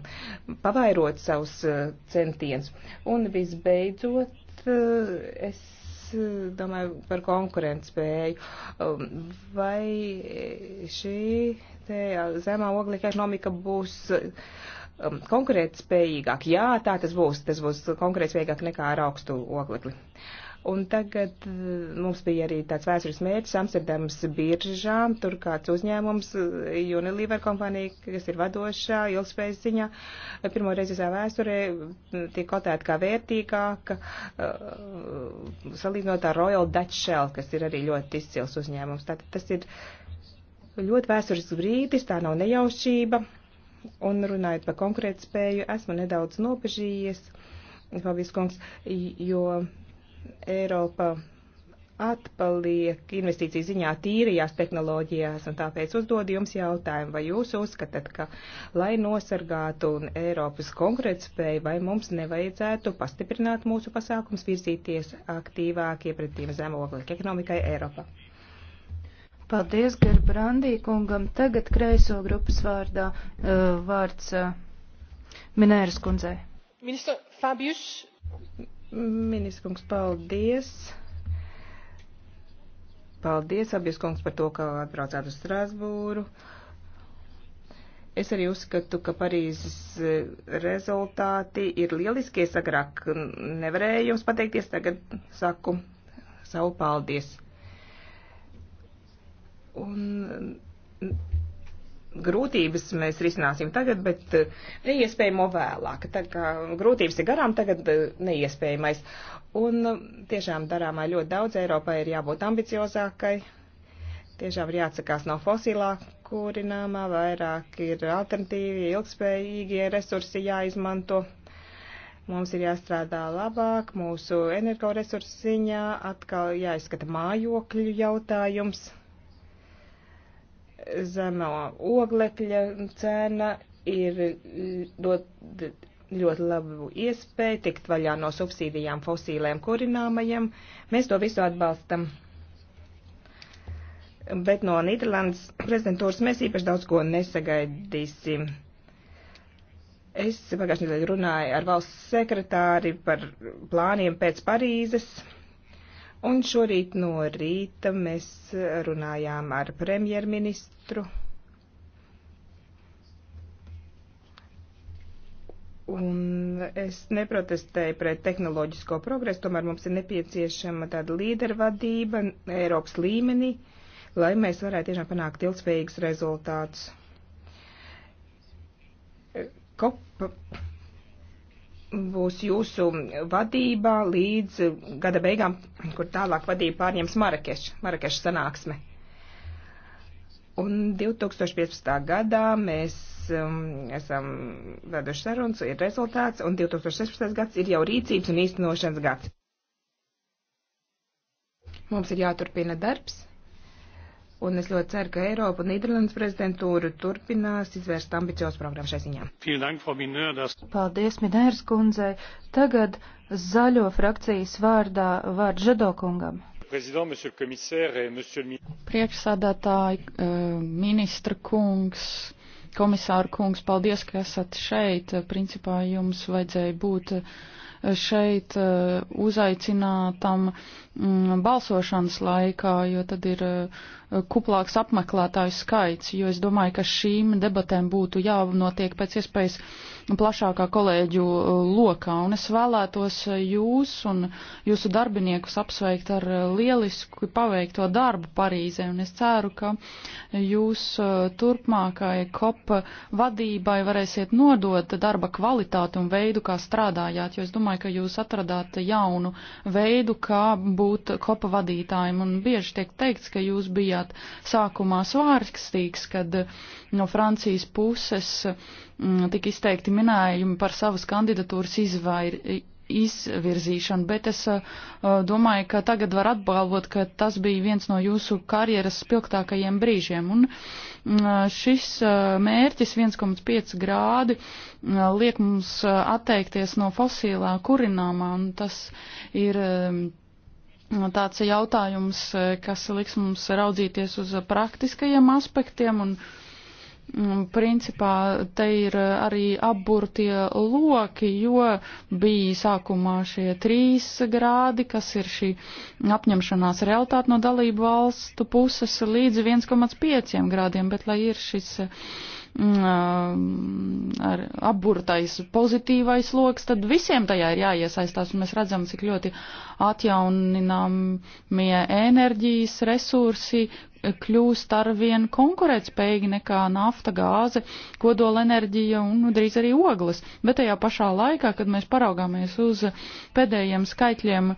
pavairot savus eh, centienus. Un visbeidzot, eh, es eh, domāju par konkurentspēju. Um, vai šī te zemā oglīka ekonomika būs um, konkurētspējīgāk. Jā, tā tas būs. Tas būs konkurētspējīgāk nekā ar augstu oglekli. Un tagad uh, mums bija arī tāds vēstures mērķis Amsterdams biržā, tur kāds uzņēmums, uh, Unilever kompānija, kas ir vadošā ilgspējas ziņā, uh, pirmo reizi savā vēsturē mm, tiek kotēta kā vērtīgāka, salīdzinot ar Royal Dutch Shell, kas ir arī ļoti izcils uzņēmums. Tātad tas ir ļoti vēsturisks brīdis, tā nav nejaušība Un runājot par konkrētu spēju, esmu nedaudz nobežījies, Fabijas kungs, jo Eiropa atpaliek investīciju ziņā tīrajās tehnoloģijās, un tāpēc uzdod jums jautājumu, vai jūs uzskatāt, ka, lai nosargātu Eiropas konkurētspēju, vai mums nevajadzētu pastiprināt mūsu pasākums virzīties aktīvāk iepratījuma zemoglīga ekonomikai Eiropā? Paldies Gerbrandī kungam. Tagad kreiso grupas vārdā uh, vārds uh, Minēras kundzei. Ministra Fabius. Ministra kungs, paldies. Paldies, Fabius kungs, par to, ka atbraucāt uz Strasbūru. Es arī uzskatu, ka Parīzes eh, rezultāti ir lieliski. Es agrāk nevarēju jums pateikties, tagad saku savu paldies. Un mm, grūtības mēs risināsim tagad, bet eh, neiespējamo vēlāk. Tā kā grūtības ir garām, tagad eh, neiespējamais. Un mm, tiešām darāmā ļoti daudz Eiropai ir jābūt ambiciozākai. Tiešām ir jāatsakās no fosilā kurināmā, vairāk ir alternatīvi, ilgspējīgie resursi jāizmanto. Mums ir jāstrādā labāk mūsu energoresursu ziņā, atkal jāizskata mājokļu jautājums zemā oglekļa cena ir mm, dot ļoti labu iespēju tikt vaļā no subsīdijām fosīliem kurināmajiem. Mēs to visu atbalstam. Bet no Nīderlandes prezidentūras mēs īpaši daudz ko nesagaidīsim. Es pagājušajā nedēļā runāju ar valsts sekretāri par plāniem pēc Parīzes. Un šorīt no rīta mēs runājām ar premjerministru. Un es neprotestēju pret tehnoloģisko progresu, tomēr mums ir nepieciešama tāda līdervadība Eiropas līmenī, lai mēs varētu tiešām panākt ilgspējīgus rezultātus. Kop būs jūsu vadībā līdz gada beigām, kur tālāk vadību pārņems Marakeša, Marakeša sanāksme. Un 2015. gadā mēs um, esam veduši sarunas, ir rezultāts, un 2016. gads ir jau rīcības un īstenošanas gads. Mums ir jāturpina darbs un es ļoti ceru, ka Eiropa un Nīderlandes prezidentūra turpinās izvērst ambiciozu programmu šai ziņā. Paldies, Minērs kundzei. Tagad zaļo frakcijas vārdā vārds Žadokungam. Priekšsādātāji, eh, ministra kungs, komisāra kungs, paldies, ka esat šeit. Principā jums vajadzēja būt eh, šeit eh, uzaicinātam mm, balsošanas laikā, jo tad ir kuplāks apmeklētāju skaits, jo es domāju, ka šīm debatēm būtu jānotiek pēc iespējas plašākā kolēģu uh, lokā. Un es vēlētos uh, jūs un jūsu darbiniekus apsveikt ar uh, lielisku paveikto darbu Parīzē. Un es ceru, ka jūs turpmākai kop vadībai varēsiet nodot darba kvalitāti un veidu, kā strādājāt, jo es domāju, ka jūs atradāt jaunu veidu, kā būt kopa vadītājiem. Un bieži tiek teikts, ka jūs bijāt bijāt sākumā svārstīgs, kad eh, no Francijas puses mm, tik izteikti minējumi par savas kandidatūras izvair, izvirzīšanu, bet es uh, domāju, ka tagad var atbalvot, ka tas bija viens no jūsu karjeras spilgtākajiem brīžiem. Un uh, šis uh, mērķis 1,5 grādi mm, liek mums atteikties no fosīlā kurināmā, un tas ir tāds jautājums, e, kas liks mums raudzīties uz praktiskajiem aspektiem un mm, principā te ir arī apburtie loki, jo bija sākumā šie trīs grādi, kas ir šī apņemšanās realitāte no dalību valstu puses līdz 1,5 grādiem, bet lai ir šis mm, ar apburtais pozitīvais loks, tad visiem tajā ir jāiesaistās, un mēs redzam, cik ļoti atjauninamie enerģijas resursi kļūst arvien konkurētspējīgi nekā nafta, gāze, kodolenerģija un nu, drīz arī ogles. Bet tajā pašā laikā, kad mēs paraugāmies uz pēdējiem skaitļiem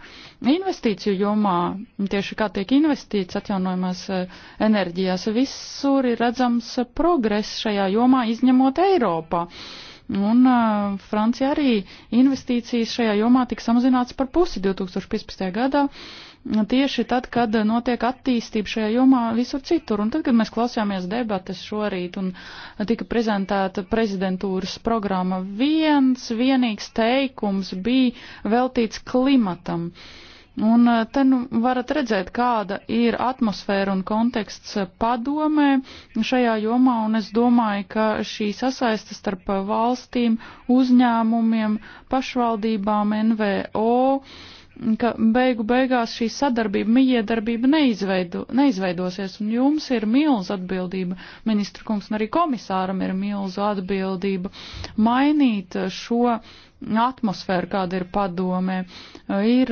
investīciju jomā, tieši kā tiek investīts atjaunojumās eh, enerģijās, visur ir redzams progress šajā jomā, izņemot Eiropā. Uh, Un uh, Francija arī investīcijas šajā jomā tika samazināts par pusi 2015. gadā. Tieši tad, kad notiek attīstība šajā jomā visur citur, un tad, kad mēs klausījāmies debates šorīt un tika prezentēta prezidentūras programma, viens vienīgs teikums bija veltīts klimatam. Uh, Un eh, te nu varat redzēt, kāda ir atmosfēra un konteksts eh, padomē šajā jomā, un es domāju, ka šī sasaiste starp eh, valstīm, uzņēmumiem, pašvaldībām, NVO, ka beigu beigās šī sadarbība, mijiedarbība neizveido, neizveidosies, un jums ir milz atbildība, ministra kungs, un arī komisāram ir milzu atbildība mainīt šo atmosfēru, kāda ir padomē, ir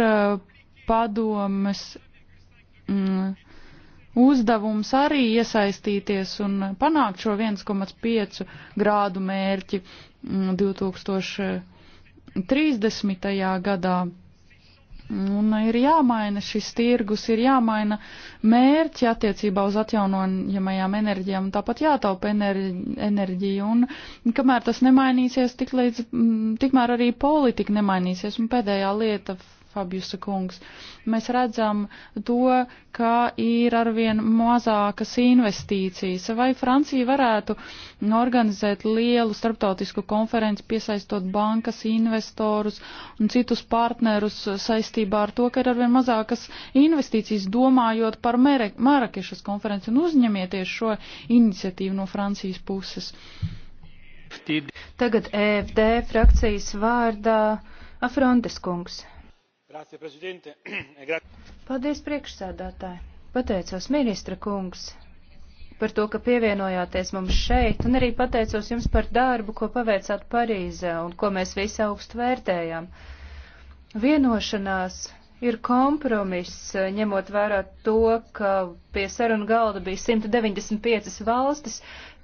padomes mm, uzdevums arī iesaistīties un panākt šo 1,5 grādu mērķi mm, 2030. gadā. Un ir jāmaina šis tirgus, ir jāmaina mērķi attiecībā uz atjaunojamajām enerģijām, un tāpat jātaupa enerģija. Un kamēr tas nemainīsies, tik līdz, mm, tikmēr arī politika nemainīsies. Un pēdējā lieta Fabjusa kungs. Mēs redzam to, ka ir arvien mazākas investīcijas. Vai Francija varētu organizēt lielu starptautisku konferenci, piesaistot bankas, investorus un citus partnerus saistībā ar to, ka ir arvien mazākas investīcijas, domājot par Marakešas konferenci un uzņemieties šo iniciatīvu no Francijas puses? Tagad EFD frakcijas vārdā Afrontes kungs. <clears throat> E Paldies, priekšsēdētāji. Pateicos, ministra kungs, par to, ka pievienojāties mums šeit, un arī pateicos jums par darbu, ko paveicāt Parīzē un ko mēs visi augstu vērtējām. Vienošanās ir kompromiss, eh, ņemot vērā to, ka pie sarunu galda bija 195 valstis,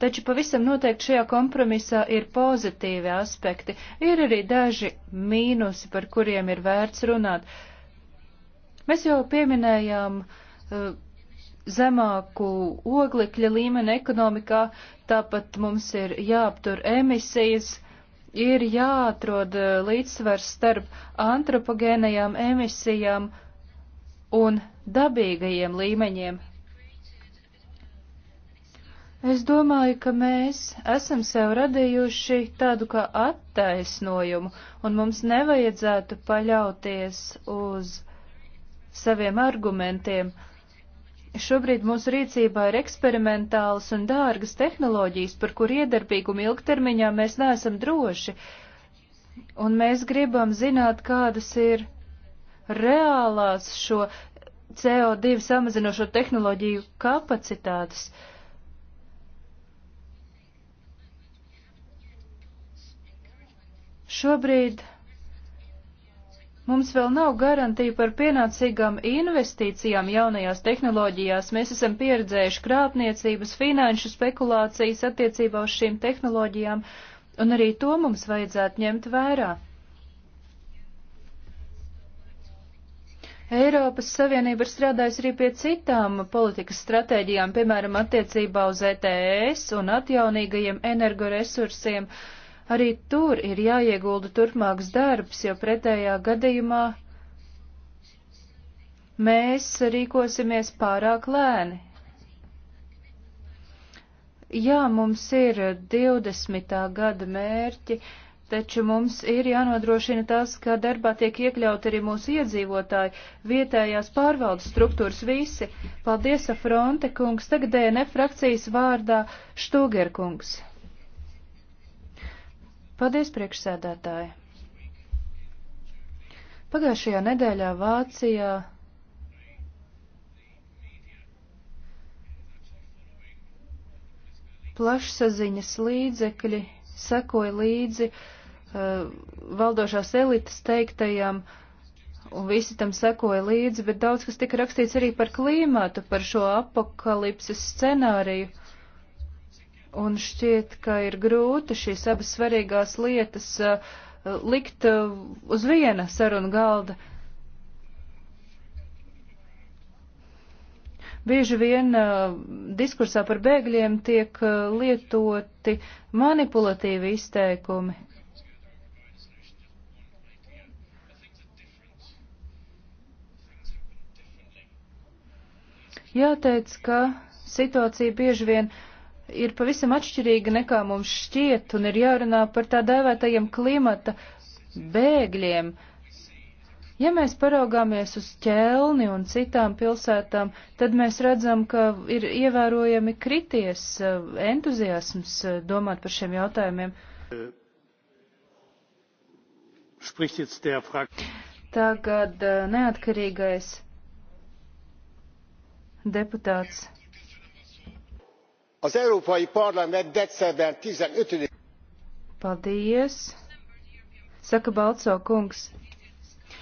taču pavisam noteikti šajā kompromisā ir pozitīvi aspekti. Ir arī daži mīnusi, par kuriem ir vērts runāt. Mēs jau pieminējām eh, zemāku oglekļa līmeni ekonomikā, tāpat mums ir jāaptur emisijas ir jāatrod eh, līdzsvars starp antropogēnajām emisijām un dabīgajiem līmeņiem. Es domāju, ka mēs esam sev radījuši tādu kā attaisnojumu, un mums nevajadzētu paļauties uz saviem argumentiem. Uh, Šobrīd mūsu rīcībā ir eksperimentālas un dārgas tehnoloģijas, par kur iedarbīgumu ilgtermiņā mēs neesam droši, un mēs gribam zināt, kādas ir reālās šo CO2 samazinošo tehnoloģiju kapacitātes. Šobrīd Mums vēl nav garantija par pienācīgām investīcijām jaunajās tehnoloģijās. Mēs esam pieredzējuši krāpniecības, finanšu spekulācijas attiecībā uz šīm tehnoloģijām, un arī to mums vajadzētu ņemt vērā. Eiropas Savienība ir strādājusi arī pie citām politikas stratēģijām, piemēram, attiecībā uz ETS un atjaunīgajiem energoresursiem. Uh, Arī tur ir jāiegulda turpmāks darbs, jo pretējā gadījumā mēs rīkosimies pārāk lēni. Jā, mums ir 20. gada mērķi, taču mums ir jānodrošina tas, ka darbā tiek iekļaut arī mūsu iedzīvotāji, vietējās pārvaldes struktūras visi. Paldies, Afronte kungs, tagad DNF frakcijas vārdā Štūgerkungs. Paldies, priekšsēdētāji! Pagājušajā nedēļā Vācijā plašsaziņas līdzekļi sekoja līdzi uh, valdošās elites teiktajam, un visi tam sekoja līdzi, bet daudz kas tika rakstīts arī par klīmatu, par šo apakalipses scenāriju un šķiet, ka ir grūti šīs abas svarīgās lietas uh, likt uh, uz viena sarunu galda. Bieži vien uh, diskursā par bēgļiem tiek uh, lietoti manipulatīvi izteikumi. Jāteic, ka situācija bieži vien uh, ir pavisam atšķirīga nekā mums šķiet, un ir jārunā par tā dēvētajiem klimata bēgļiem. Ja mēs paraugāmies uz ķelni un citām pilsētām, tad mēs redzam, ka ir ievērojami krities eh, entuziasms eh, domāt par šiem jautājumiem. Tagad eh, neatkarīgais deputāts az európai parlament december fifteen. paldies saka balco kungs.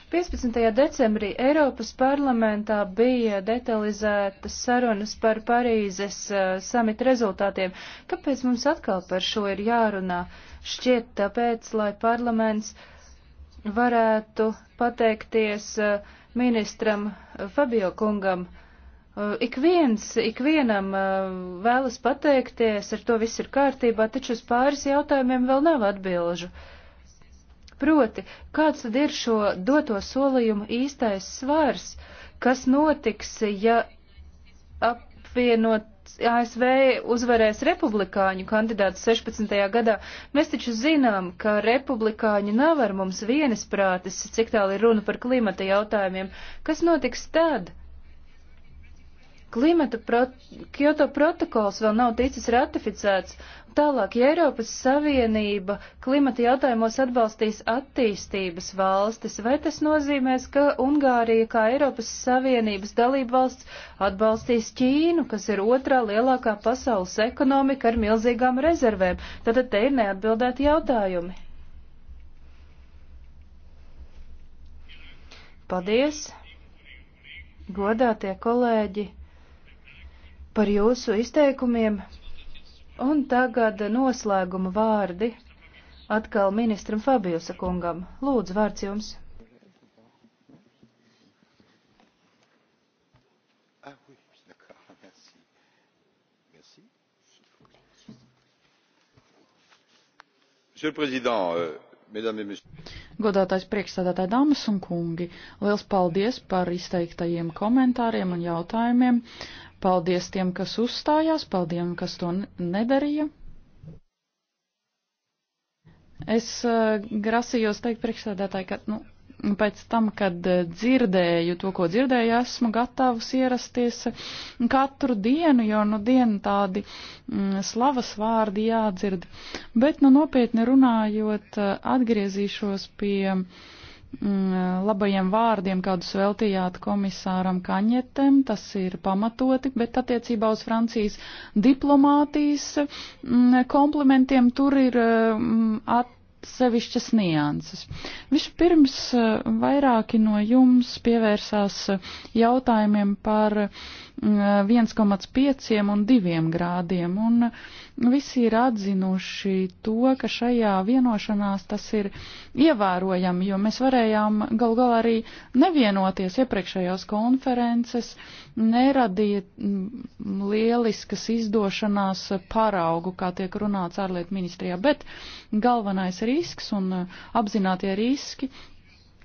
15. decembrī Eiropas parlamentā bija detalizētas sarunas par Parīzes uh, samita rezultātiem. Kāpēc mums atkal par šo ir jārunā? Šķiet tāpēc, lai parlaments varētu pateikties uh, ministram Fabio kungam. Uh, Eh, ik viens, ik vienam eh, vēlas pateikties, ar to viss ir kārtībā, taču uz pāris jautājumiem vēl nav atbilžu. Proti, kāds tad ir šo doto solījumu īstais svars? Kas notiks, ja apvienot ASV uzvarēs republikāņu kandidātu 16. gadā? Mēs taču zinām, ka republikāņi nav ar mums vienisprātis, cik tālu ir runa par klimata jautājumiem. Kas notiks tad? Klimata prot Kyoto protokols vēl nav ticis ratificēts. Tālāk, ja Eiropas Savienība klimata jautājumos atbalstīs attīstības valstis, vai tas nozīmēs, ka Ungārija kā Eiropas Savienības dalība valsts atbalstīs Ķīnu, kas ir otrā lielākā pasaules ekonomika ar milzīgām rezervēm? Tātad te ir neatbildēti jautājumi. Paldies, godātie kolēģi! par jūsu izteikumiem. Un tagad noslēguma vārdi atkal ministram Fabiusa kungam. Lūdzu, vārds jums. Ah Monsieur le Président, euh, Mesdames et Messieurs. Godātais priekšsēdētāji dāmas un kungi, liels paldies par izteiktajiem komentāriem un jautājumiem. Paldies tiem, kas uzstājās, paldies, kas to nedarīja. Es uh, grasījos teikt priekšsēdētāji, ka, nu, pēc tam, kad eh, dzirdēju to, ko dzirdēju, esmu gatavs ierasties katru dienu, jo nu dienu tādi mm, slavas vārdi jādzird. Bet, nu nopietni runājot, eh, atgriezīšos pie mm, labajiem vārdiem, kādus veltījāt komisāram Kaņetem, tas ir pamatoti, bet attiecībā uz Francijas diplomātijas mm, komplementiem tur ir mm, at sevišķas nianses. Vispirms eh, vairāki no jums pievērsās eh, jautājumiem par uh, 1,5 un 2 grādiem, un visi ir atzinuši to, ka šajā vienošanās tas ir ievērojami, jo mēs varējām gal galā arī nevienoties iepriekšējās konferences, neradīja lieliskas izdošanās paraugu, kā tiek runāts ārlietu ministrijā, bet galvenais risks un apzinātie riski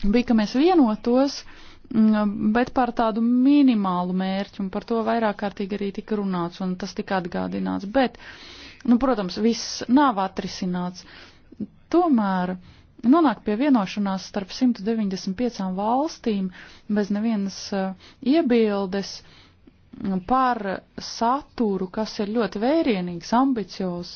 bija, ka mēs vienotos, uh, Mm, bet par tādu minimālu mērķu, un par to vairāk kārtīgi arī tika runāts, un tas tika atgādināts. Bet, nu, protams, viss nav atrisināts. Tomēr nonāk pie vienošanās starp 195 valstīm bez nevienas eh, iebildes par saturu, kas ir ļoti vērienīgs, ambiciozs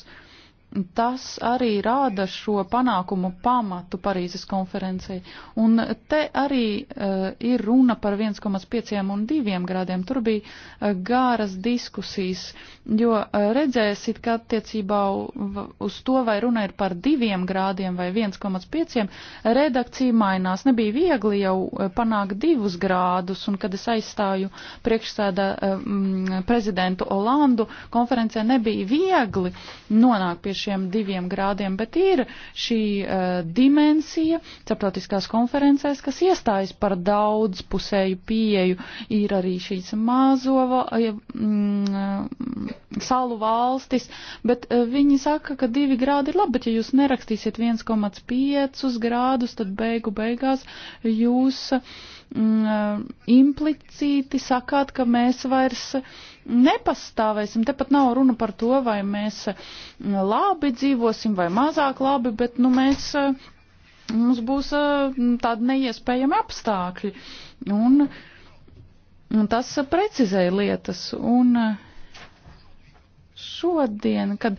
Tas arī rāda šo panākumu pamatu Parīzes konferencē. Un te arī uh, ir runa par 1,5 un 2 grādiem. Tur bija uh, gāras diskusijas, jo uh, redzēsit, ka attiecībā uz to, vai runa ir par 2 grādiem vai 1,5, redakcija mainās. Nebija viegli jau panākt 2 grādus, un kad es aizstāju priekšsēdā uh, prezidentu Olandu, konferencē nebija viegli nonākt pie šī šiem diviem grādiem, bet ir šī uh, dimensija starptautiskās konferencēs, kas iestājas par daudzpusēju pieeju. Ir arī šīs mazo eh, mm, salu valstis, bet uh, viņi saka, ka divi grādi ir labi, bet ja jūs nerakstīsiet 1,5 grādus, tad beigu beigās jūs. Uh, Mm, eh, implicīti sakāt, ka mēs vairs nepastāvēsim. Tepat nav runa par to, vai mēs mm, labi dzīvosim vai mazāk labi, bet nu, mēs, eh, mums būs eh, mm, tādi neiespējami apstākļi. Un, un tas precizēja lietas. Un šodien, kad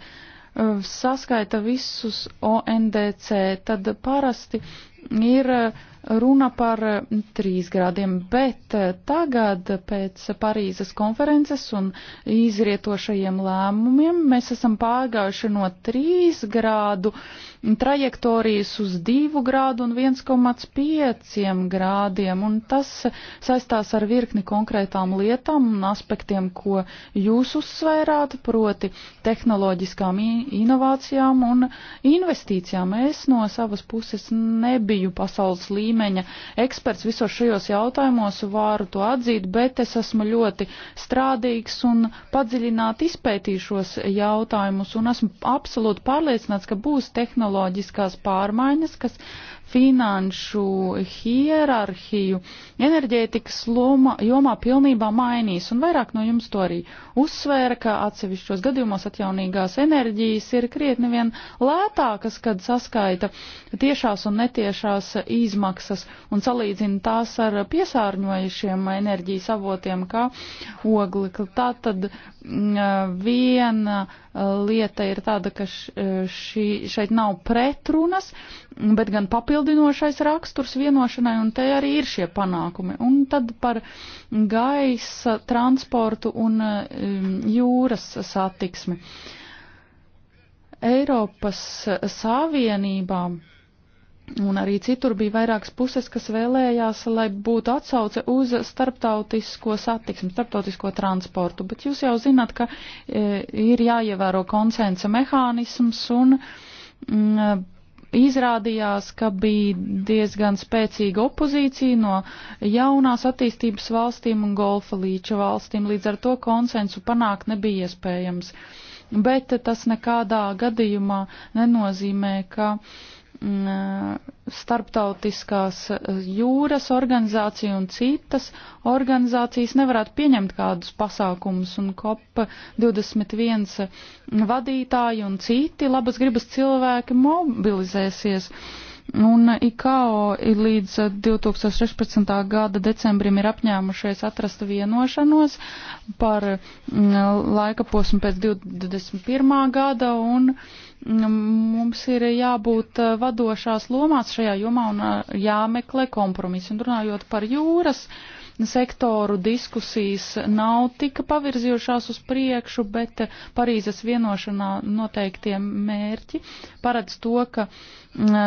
saskaita visus ONDC, tad parasti ir uh, runa par mm, trīs grādiem, bet eh, tagad pēc Parīzes konferences un izrietošajiem lēmumiem mēs esam pārgājuši no trīs grādu trajektorijas uz divu grādu un 1,5 grādiem, un tas saistās ar virkni konkrētām lietām un aspektiem, ko jūs uzsvērāt, proti tehnoloģiskām inovācijām un investīcijām. Es no savas puses nebiju pasaules līmenī līmeņa eksperts visos šajos jautājumos, varu to atzīt, bet es esmu ļoti strādīgs un padziļināti izpētīšos jautājumus un esmu absolūti pārliecināts, ka būs tehnoloģiskās pārmaiņas, kas finanšu hierarhiju enerģētikas loma, jomā pilnībā mainīs, un vairāk no jums to arī uzsvēra, ka atsevišķos gadījumos atjaunīgās enerģijas ir krietni vien lētākas, kad saskaita tiešās un netiešās izmaksas un salīdzina tās ar piesārņojušiem enerģijas avotiem, kā oglekli. Tātad Viena lieta ir tāda, ka šī, šeit nav pretrunas, bet gan papildinošais raksturs vienošanai, un te arī ir šie panākumi. Un tad par gaisa transportu un um, jūras satiksmi. Eiropas Savienībām Un arī citur bija vairākas puses, kas vēlējās, lai būtu atsauce uz starptautisko satiksmi, starptautisko transportu. Bet jūs jau zināt, ka e, ir jāievēro konsensa mehānisms un mm, izrādījās, ka bija diezgan spēcīga opozīcija no jaunās attīstības valstīm un golfa līča valstīm. Līdz ar to konsensu panākt nebija iespējams. Bet tas nekādā gadījumā nenozīmē, ka. E, Mm, starptautiskās eh, jūras organizācija un citas organizācijas nevarētu pieņemt kādus pasākumus, un COP21 vadītāji un citi labas gribas cilvēki mobilizēsies. Un IKO līdz 2016. gada decembrim ir apņēmušies atrast vienošanos par mm, laika posmu pēc 2021. gada un uh, Nu, mums ir jābūt vadošās lomās šajā jomā un jāmeklē kompromisi. Un runājot par jūras uh, sektoru diskusijas nav tika pavirzījušās uz priekšu, bet Parīzes vienošanā noteiktie mērķi paredz to, ka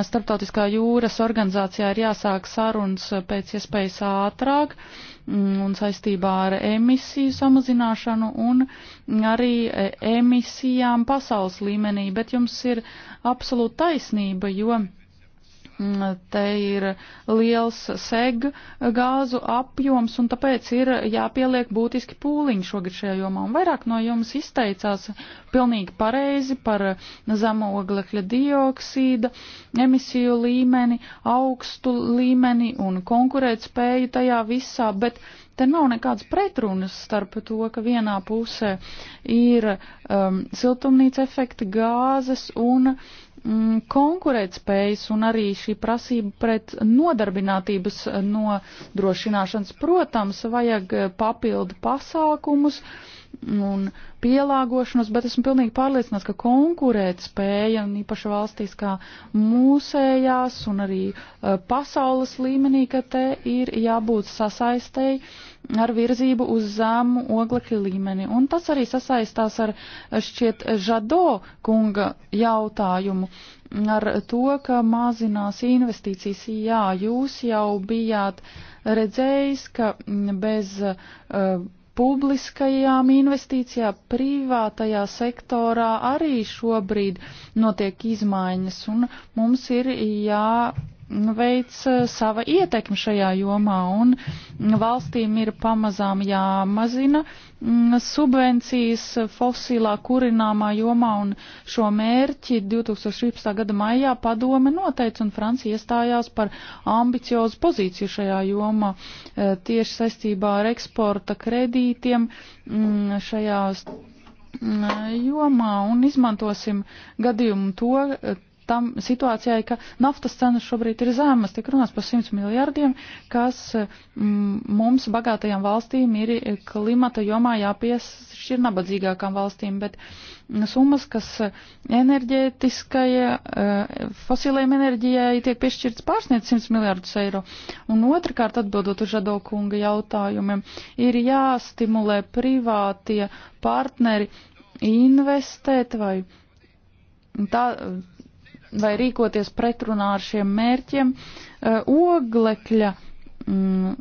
Starptautiskā jūras organizācijā ir jāsāk sarunas pēc iespējas ātrāk un saistībā ar emisiju samazināšanu un arī e, emisijām pasaules līmenī, bet jums ir absolūta taisnība, jo Mm, te ir liels seg gāzu apjoms, un tāpēc ir jāpieliek būtiski pūliņi šogad šajā jomā. Un vairāk no jums izteicās pilnīgi pareizi par zemo oglekļa dioksīda emisiju līmeni, augstu līmeni un konkurētspēju tajā visā, bet te nav nekādas pretrunas starp to, ka vienā pusē ir um, siltumnīca efekta gāzes un Mm, konkurētspējas un arī šī prasība pret nodarbinātības eh, nodrošināšanas. Protams, vajag eh, papildu pasākumus, uh, un pielāgošanos, bet esmu pilnīgi pārliecināts, ka konkurēt spēja, un īpaši valstīs kā mūsējās un arī eh, pasaules līmenī, ka te ir jābūt sasaistēji ar virzību uz zemu oglekļa līmeni. Un tas arī sasaistās ar eh, šķiet Žado kunga jautājumu ar to, ka mazinās investīcijas. Jā, jūs jau bijāt redzējis, ka bez uh, publiskajām investīcijām, privātajā sektorā arī šobrīd notiek izmaiņas, un mums ir jā veic eh, sava ietekme šajā jomā, un valstīm ir pamazām jāmazina mm, subvencijas fosilā kurināmā jomā, un šo mērķi 2016. gada maijā padome noteica, un Francija iestājās par ambiciozu pozīciju šajā jomā eh, tieši saistībā ar eksporta kredītiem mm, šajās mm, jomā, un izmantosim gadījumu to, tam situācijai, ka naftas cenas šobrīd ir zemas, tik runās par 100 miljardiem, kas mm, mums bagātajām valstīm ir klimata jomā jāpiešķir nabadzīgākām valstīm, bet mm, summas, kas eh, enerģētiskai, eh, fosilējiem enerģijai tiek piešķirts pārsniedz 100 miljardus eiro. Un otrkārt, atbildot uz Žadokunga jautājumiem, ir jāstimulē privātie partneri investēt vai tā, vai rīkoties pretrunā ar šiem mērķiem eh, oglekļa mm,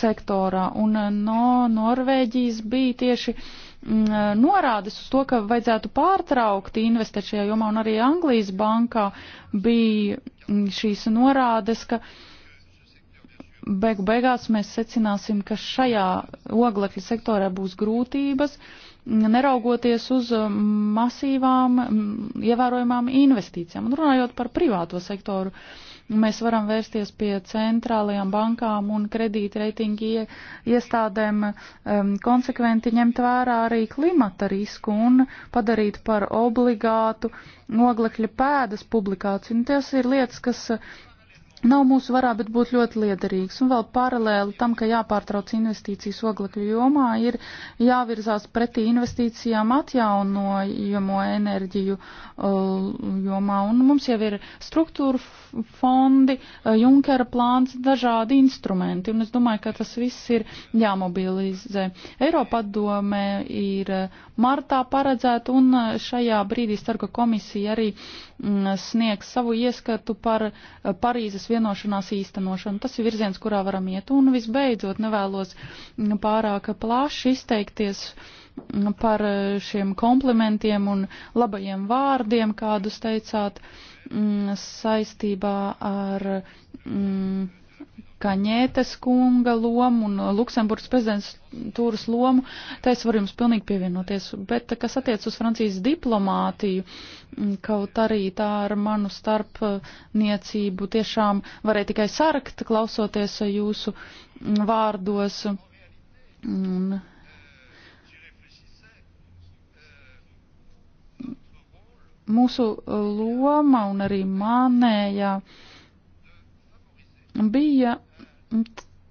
sektorā. Un eh, no Norvēģijas bija tieši mm, eh, norādes uz to, ka vajadzētu pārtraukt investēt šajā jomā, un arī Anglijas bankā bija mm, šīs norādes, ka beigu beigās mēs secināsim, ka šajā oglekļa sektorā būs grūtības neraugoties uz um, masīvām, um, ievērojamām investīcijām. Un runājot par privāto sektoru, mēs varam vērsties pie centrālajām bankām un kredītreitingi iestādēm um, konsekventi ņemt vērā arī klimata risku un padarīt par obligātu oglekļa pēdas publikāciju. Un tas ir lietas, kas nav mūsu varā, bet būtu ļoti liederīgs. Un vēl paralēli tam, ka jāpārtrauc investīcijas oglekļu jomā, ir jāvirzās pretī investīcijām atjaunojamo enerģiju uh, jomā. Un mums jau ir struktūra fondi, uh, Junkera plāns, dažādi instrumenti. Un es domāju, ka tas viss ir jāmobilizē. Eiropa domē ir uh, martā paredzēta un šajā brīdī starka komisija arī mm, sniegs savu ieskatu par Parīzes Lisabonas vienošanās īstenošanu. Tas ir virziens, kurā varam iet. Un visbeidzot, nevēlos mm, pārāk plaši izteikties mm, par eh, šiem komplimentiem un labajiem vārdiem, kādus teicāt mm, saistībā ar. Mm, Kaņētas kunga lomu un Luksemburgas prezidentūras lomu, tā es varu jums pilnīgi pievienoties, bet kas attiec uz Francijas diplomātiju, kaut arī tā ar manu starpniecību tiešām varēja tikai sarkt, klausoties jūsu vārdos. Un, Mūsu e, loma un arī manējā. Ja bija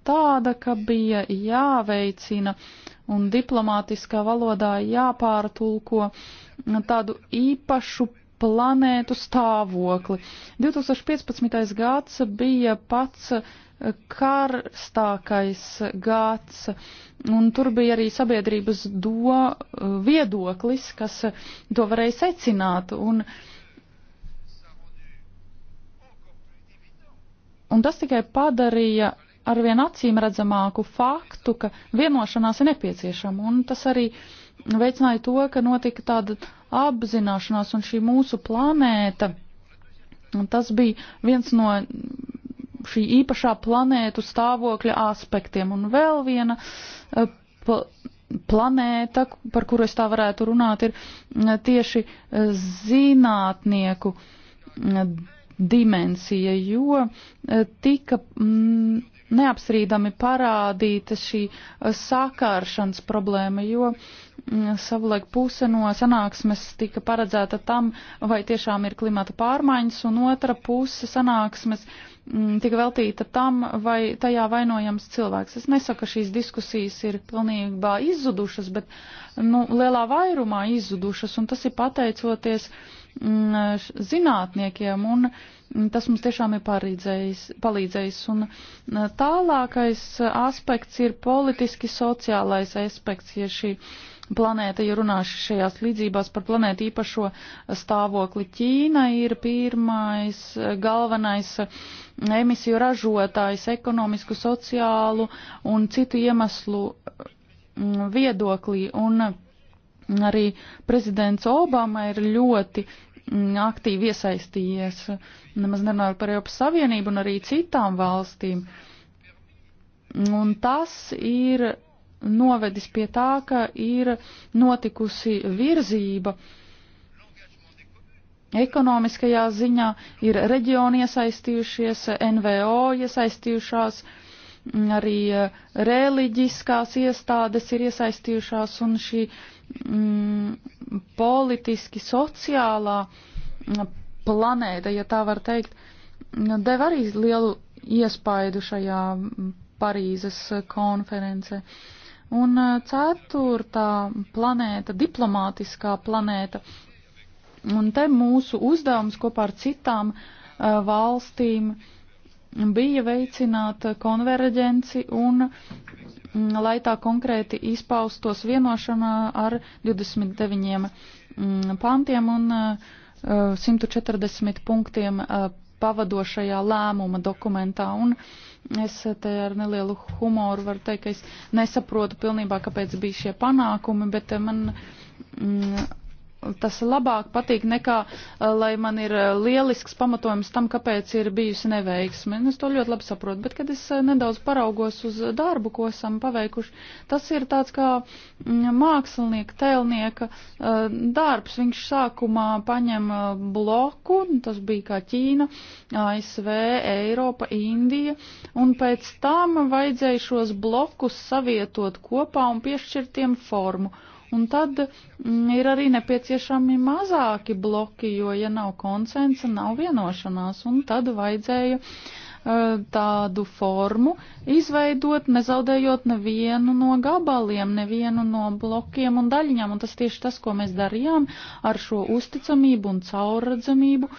tāda, ka bija jāveicina un diplomātiskā valodā jāpārtulko tādu īpašu planētu stāvokli. 2015. gads bija pats karstākais gads, un tur bija arī sabiedrības do viedoklis, kas to varēja secināt. Un, uh, Un tas tikai padarīja arvien acīm redzamāku faktu, ka vienošanās ir nepieciešama. Un tas arī veicināja to, ka notika tāda apzināšanās un šī mūsu planēta. Un tas bija viens no šī īpašā planētu stāvokļa aspektiem. Un vēl viena eh, pl planēta, par kuru es tā varētu runāt, ir eh, tieši eh, zinātnieku dimensija, jo eh, tika mm, neapstrīdami parādīta šī eh, sakāršanas problēma, jo mm, savulaik puse no sanāksmes tika paredzēta tam, vai tiešām ir klimata pārmaiņas, un otra puse sanāksmes mm, tika veltīta tam, vai tajā vainojams cilvēks. Es nesaku, ka šīs diskusijas ir pilnībā izzudušas, bet nu, lielā vairumā izzudušas, un tas ir pateicoties uh, Mm, zinātniekiem, un tas mums tiešām ir palīdzējis. Un mm, tālākais aspekts ir politiski sociālais aspekts, ja šī planēta, ja runāšu šajās līdzībās par planētu īpašo stāvokli, Ķīna ir pirmais galvenais emisiju ražotājs ekonomisku, sociālu un citu iemeslu mm, viedoklī. Un Arī prezidents Obama ir ļoti mm, aktīvi iesaistījies, nemaz nerunājot par Eiropas Savienību un arī citām valstīm. Un tas ir novedis pie tā, ka ir notikusi virzība ekonomiskajā ziņā, ir reģioni iesaistījušies, NVO iesaistījušās, uh, arī eh, reliģiskās iestādes ir iesaistījušās un šī mm, politiski sociālā mm, planēta, ja tā var teikt, deva arī lielu iespaidu šajā mm, Parīzes eh, konferencē. Un eh, ceturtā planēta, diplomātiskā planēta, un te mūsu uzdevums kopā ar citām uh, valstīm uh, bija veicināt konverģenci un mm, lai tā konkrēti izpaustos vienošanā ar 29 mm, pantiem un 140 eh, punktiem eh, pavadošajā lēmuma dokumentā. Un es te ar nelielu humoru varu teikt, ka es nesaprotu pilnībā, kāpēc bija šie panākumi, bet eh, man. Mm, tas labāk patīk nekā, eh, lai man ir eh, lielisks pamatojums tam, kāpēc ir bijusi neveiksme. Es to ļoti labi saprotu, bet kad es eh, nedaudz paraugos uz darbu, ko esam paveikuši, tas ir tāds kā mm, mākslinieka, tēlnieka darbs. Viņš sākumā paņem bloku, tas bija kā Ķīna, ASV, Eiropa, Indija, un pēc tam vajadzēja šos blokus savietot kopā un piešķirtiem formu Un tad mm, ir arī nepieciešami mazāki bloki, jo, ja nav konsensa, nav vienošanās, un tad vajadzēja eh, tādu formu izveidot, nezaudējot nevienu no gabaliem, nevienu no blokiem un daļiņām, un tas tieši tas, ko mēs darījām ar šo uzticamību un caurredzamību,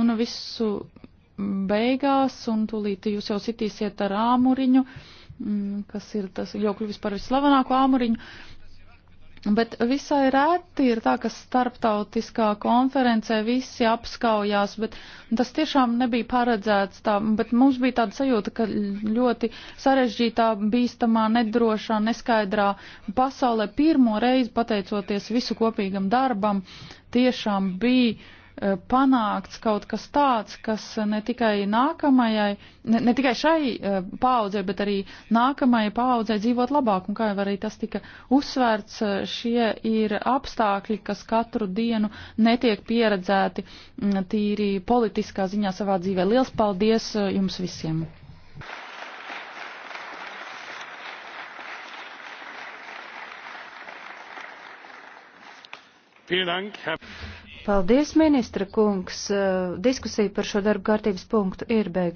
un visu beigās, un tūlīt jūs jau sitīsiet ar āmuriņu, mm, kas ir tas jau kļuvis par vislavanāko āmuriņu, Bet visai reti ir tā, ka starptautiskā konferencē visi apskaujās, bet tas tiešām nebija paredzēts tā, bet mums bija tāda sajūta, ka ļoti sarežģītā, bīstamā, nedrošā, neskaidrā pasaulē pirmo reizi pateicoties visu kopīgam darbam tiešām bija Eh, panākts kaut kas tāds, kas ne tikai nākamajai, ne, ne tikai šai eh, paudzei, bet arī nākamajai paudzei dzīvot labāk. Un kā jau arī tas tika uzsvērts, eh, šie ir apstākļi, kas katru dienu netiek pieredzēti mm, tīri politiskā ziņā savā dzīvē. Liels paldies jums visiem! Vielen Dank, Herr Paldies, ministra kungs. Diskusija par šo darbu kārtības punktu ir beigusies.